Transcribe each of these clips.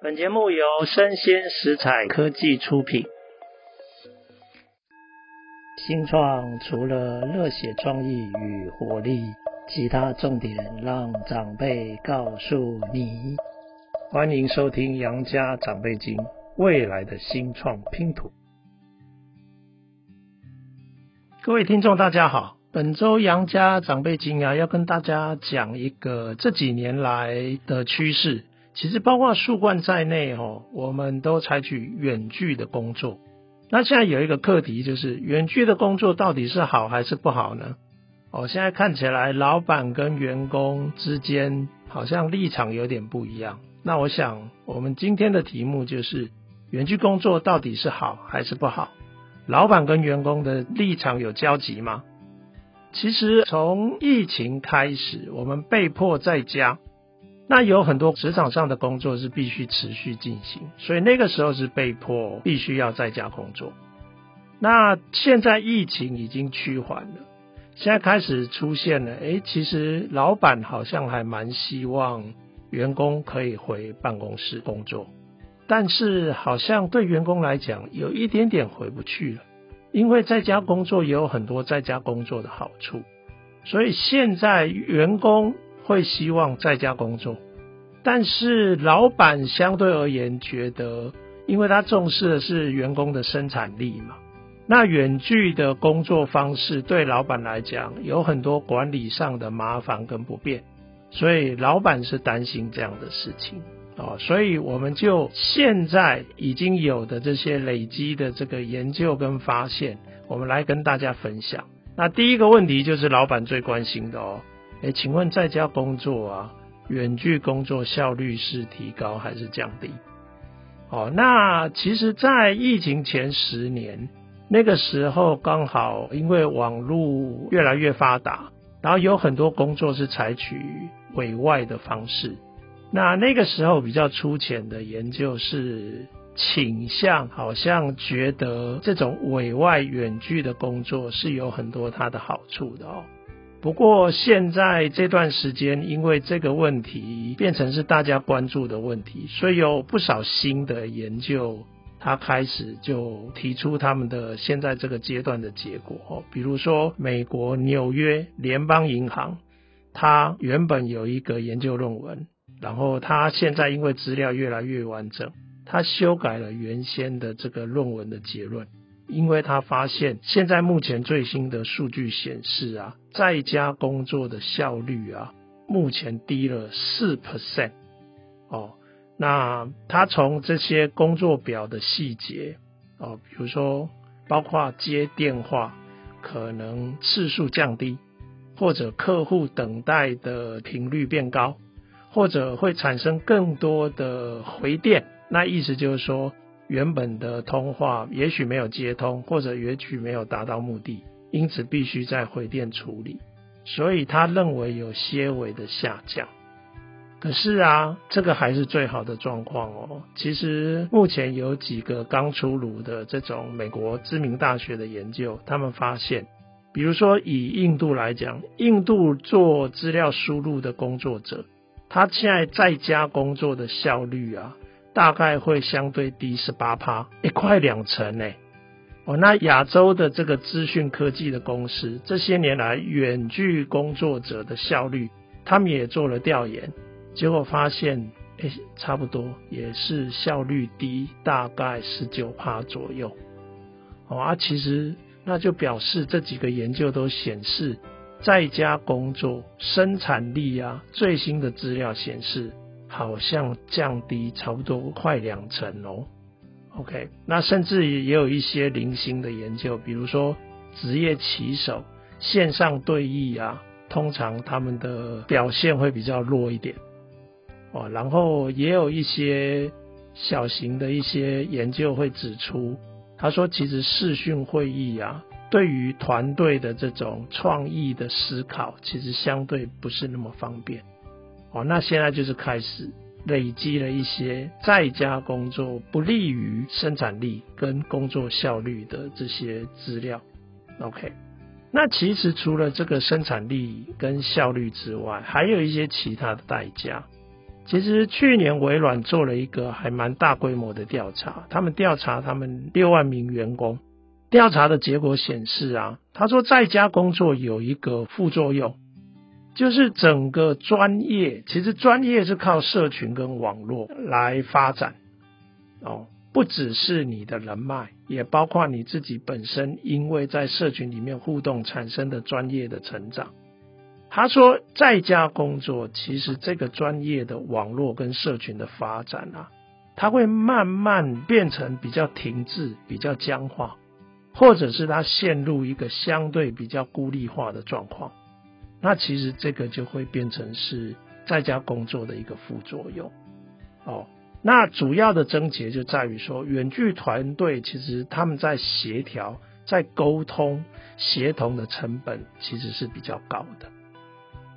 本節目由聲鮮時采科技出品。新創除了熱血創意與活力，其他重點讓長輩告訴你。歡迎收聽楊家長輩經，未來的新創拼圖。各位聽眾，大家好。本周楊家長輩經啊，要跟大家講一個這幾年來的趨勢。其實包括樹冠在內哦，我們都採取遠距的工作。那現在有一個課題，就是遠距的工作到底是好還是不好呢？哦，現在看起來老闆跟員工之間好像立場有點不一樣。那我想，我們今天的題目就是遠距工作到底是好還是不好？老闆跟員工的立場有交集嗎？其實從疫情開始，我們被迫在家。那有很多職場上的工作是必須持續進行，所以那個時候是被迫必須要在家工作。那現在疫情已經趨緩了，現在開始出現了，誒、欸，其實老板好像還蠻希望員工可以回辦公室工作，但是好像對員工來講有一點點回不去了，因為在家工作也有很多在家工作的好處，所以現在員工會希望在家工作。但是老闆相對而言覺得，因為他重視的是員工的生產力嘛，那遠距的工作方式對老闆來講有很多管理上的麻煩跟不便，所以老闆是擔心這樣的事情哦。所以我們就現在已經有的這些累積的這個研究跟發現，我們來跟大家分享。那第一個問題就是老闆最關心的哦，誒，請問在家工作啊，遠距工作效率是提高還是降低？哦，那其實，在疫情前十年，那個時候剛好因為網絡越來越發達，然後有很多工作是採取委外的方式。那那個時候比較粗淺的研究是傾向，好像覺得這種委外遠距的工作是有很多它的好處的哦。不過現在這段時間，因為這個問題變成是大家關注的問題，所以有不少新的研究，他開始就提出他們的現在這個階段的結果。比如說，美國紐約聯邦銀行，他原本有一個研究論文，然後他現在因為資料越來越完整，他修改了原先的這個論文的結論。因為他發現，現在目前最新的數據顯示啊，在家工作的效率啊，目前低了四 percent。哦，那他從這些工作表的細節哦，比如說包括接電話可能次數降低，或者客戶等待的頻率變高，或者會產生更多的回電，那意思就是說。原本的通話也許沒有接通，或者也許沒有達到目的，因此必須再回電處理。所以他認為有些微的下降。可是啊，這個還是最好的狀況哦。其實目前有幾個剛出爐的這種美國知名大學的研究，他們發現，比如說以印度來講，印度做資料輸入的工作者，他現在在家工作的效率啊。大概會相對低十八趴，欸，快兩成呢。哦，那亞洲的這個資訊科技的公司，這些年來遠距工作者的效率，他們也做了調研，結果發現，欸、差不多也是效率低，大概十九趴左右。哦，啊，其實那就表示這幾個研究都顯示，在家工作生產力啊，最新的資料顯示。好像降低差不多快兩成哦，OK，那甚至也有一些零星的研究，比如說職業棋手線上對弈啊，通常他們的表現會比較弱一點哦。然後也有一些小型的一些研究會指出，他說其實視訊會議啊，對於團隊的這種創意的思考，其實相對不是那麼方便。哦，那現在就是開始累積了一些在家工作不利於生產力跟工作效率的這些資料。OK，那其實除了這個生產力跟效率之外，還有一些其他的代價。其實去年微軟做了一個還蠻大規模的調查，他們調查他們六萬名員工，調查的結果顯示啊，他說在家工作有一個副作用。就是整個專業，其實專業是靠社群跟網絡來發展哦，不只是你的人脈，也包括你自己本身，因為在社群裡面互動產生的專業的成長。他說，在家工作，其實這個專業的網絡跟社群的發展啊，它會慢慢變成比較停滯、比較僵化，或者是它陷入一個相對比較孤立化的狀況。那其實這個就會變成是在家工作的一個副作用哦。那主要的症結就在於說，遠距團隊其實他們在協調、在溝通、協同的成本其實是比較高的。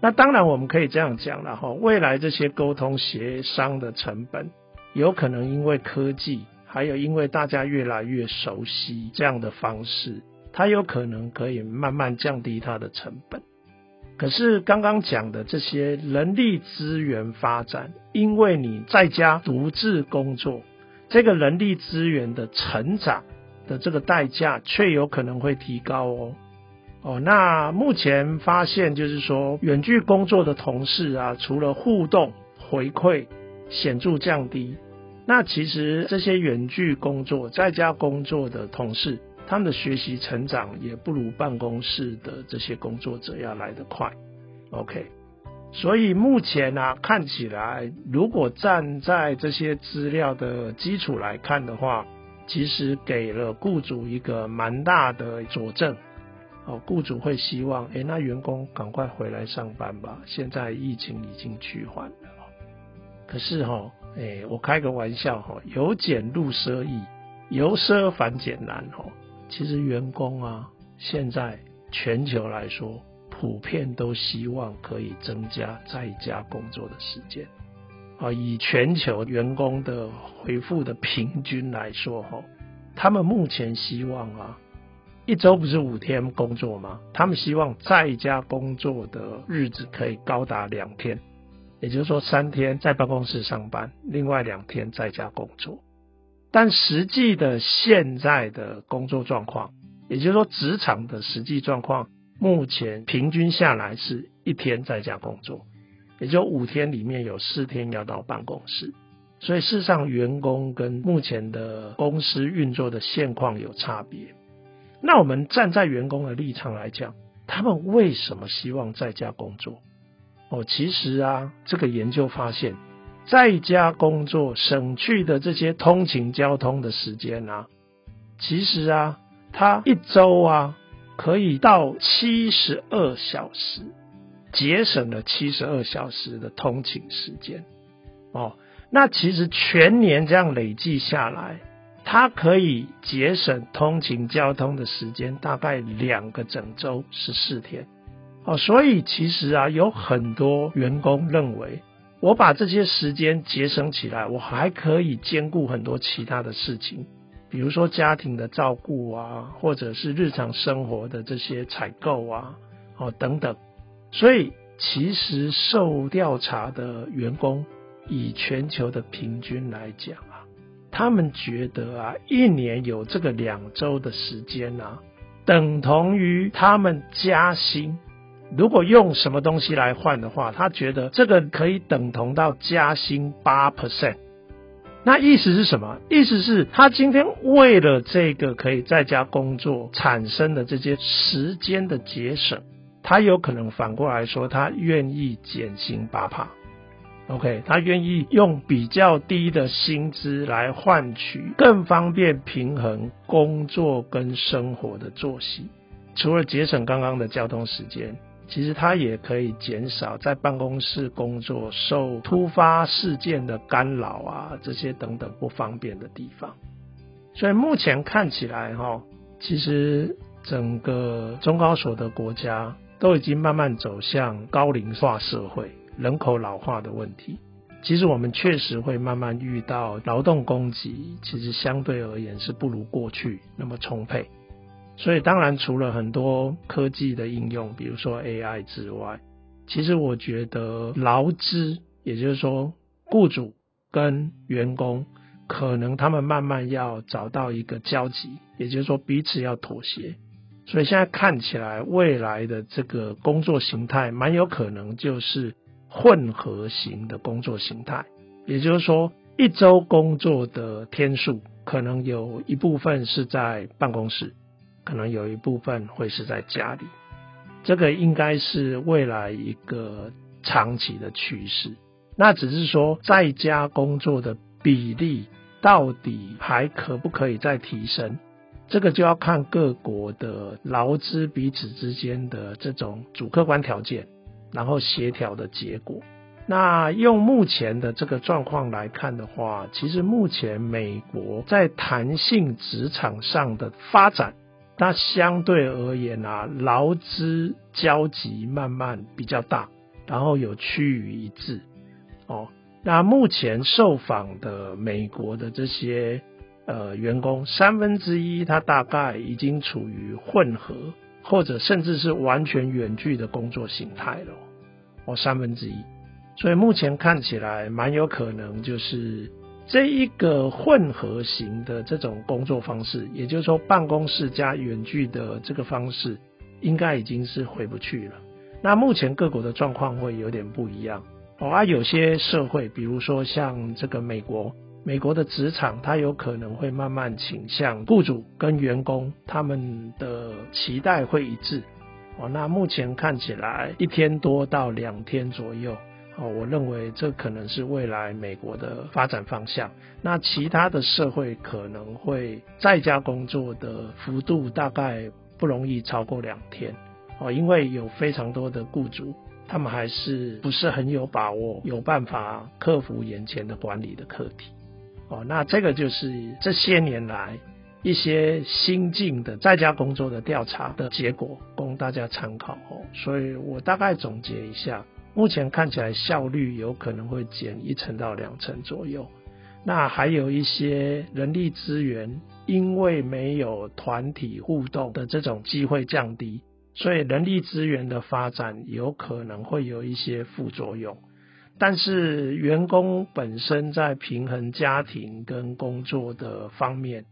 那當然我們可以這樣講了哈，未來這些溝通協商的成本，有可能因為科技，還有因為大家越來越熟悉這樣的方式，它有可能可以慢慢降低它的成本。可是剛剛講的這些人力資源發展，因為你在家獨自工作，這個人力資源的成長的這個代價，卻有可能會提高哦。哦，那目前發現就是說，遠距工作的同事啊，除了互動回饋顯著降低，那其實這些遠距工作、在家工作的同事，他們的學習成長也不如辦公室的這些工作者要來得快，OK。所以目前啊，看起來如果站在這些資料的基礎來看的話，其實給了雇主一個蠻大的佐證。哦，雇主會希望，誒，那員工趕快回來上班吧。現在疫情已經趨緩了，哦。可是哈，哦，誒，我開個玩笑哈，由儉入奢易，由奢反儉難哦。其實員工啊，現在全球來說，普遍都希望可以增加在家工作的時間啊。以全球員工的回復的平均來說，哈，他們目前希望啊，一周不是五天工作嗎？他們希望在家工作的日子可以高達兩天，也就是說，三天在辦公室上班，另外兩天在家工作。但實際的現在的工作狀況，也就是說，職場的實際狀況，目前平均下來是一天在家工作，也就五天裡面有四天要到辦公室。所以，事實上，員工跟目前的公司運作的現況有差別。那我們站在員工的立場來講，他們為什麼希望在家工作？哦，其實啊，這個研究發現。在家工作省去的這些通勤交通的時間啊，其實啊，他一週啊可以到七十二小時，節省了七十二小時的通勤時間哦。那其實全年這樣累計下來，它可以節省通勤交通的時間大概兩個整週十四天哦。所以其實啊，有很多員工認為。我把這些時間節省起來，我還可以兼顧很多其他的事情，比如說家庭的照顧啊，或者是日常生活的這些採購啊，哦，等等。所以，其實受調查的員工以全球的平均來講啊，他們覺得啊，一年有這個兩周的時間啊，等同於他們加薪。如果用什麼東西來換的話，他覺得這個可以等同到加薪八 percent。那意思是什麼？意思是他今天為了這個可以在家工作產生的這些時間的節省，他有可能反過來說，他願意減薪八趴。OK，他願意用比較低的薪資來換取更方便平衡工作跟生活的作息，除了節省剛剛的交通時間。其實它也可以減少在辦公室工作受突發事件的干擾啊，這些等等不方便的地方。所以目前看起來，哈，其實整個中高所得國家都已經慢慢走向高齡化社會，人口老化的問題，其實我們確實會慢慢遇到勞動供給，其實相對而言是不如過去那麼充沛。所以，當然除了很多科技的應用，比如說 AI 之外，其實我覺得勞資，也就是說雇主跟員工，可能他們慢慢要找到一個交集，也就是說彼此要妥協。所以現在看起來，未來的這個工作形態，蠻有可能就是混合型的工作形態，也就是說一周工作的天數，可能有一部分是在辦公室。可能有一部分會是在家裡，這個應該是未來一個長期的趨勢。那只是說，在家工作的比例到底還可不可以再提升？這個就要看各國的勞資彼此之間的這種主客觀條件，然後協調的結果。那用目前的這個狀況來看的話，其實目前美國在彈性職場上的發展。那相對而言啊，勞資交集慢慢比較大，然後有趨於一致哦。那目前受訪的美國的這些呃員工，三分之一他大概已經處於混合或者甚至是完全遠距的工作型態了，哦，三分之一。所以目前看起來蠻有可能就是。這一個混合型的這種工作方式，也就是說辦公室加遠距的這個方式，應該已經是回不去了。那目前各國的狀況會有點不一樣哦。啊，有些社會，比如說像這個美國，美國的職場，它有可能會慢慢傾向雇主跟員工，他們的期待會一致。哦，那目前看起來一天多到兩天左右。哦，我認為這可能是未來美國的發展方向。那其他的社會可能會在家工作的幅度大概不容易超過兩天，哦，因為有非常多的雇主，他們還是不是很有把握，有辦法克服眼前的管理的課題。哦，那這個就是這些年來一些新進的在家工作的調查的結果，供大家參考。哦，所以我大概總結一下。目前看起來效率有可能會減一成到兩成左右，那還有一些人力資源，因為沒有團體互動的這種機會降低，所以人力資源的發展有可能會有一些副作用。但是員工本身在平衡家庭跟工作的方面，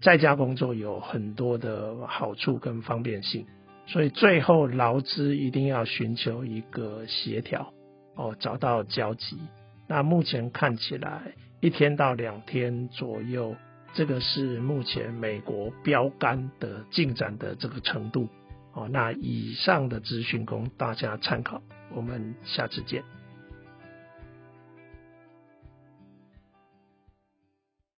在家工作有很多的好處跟方便性。所以最後勞資一定要尋求一個協調，哦，找到交集。那目前看起來一天到兩天左右，這個是目前美國標杆的進展的這個程度。哦，那以上的資訊供大家參考，我們下次見。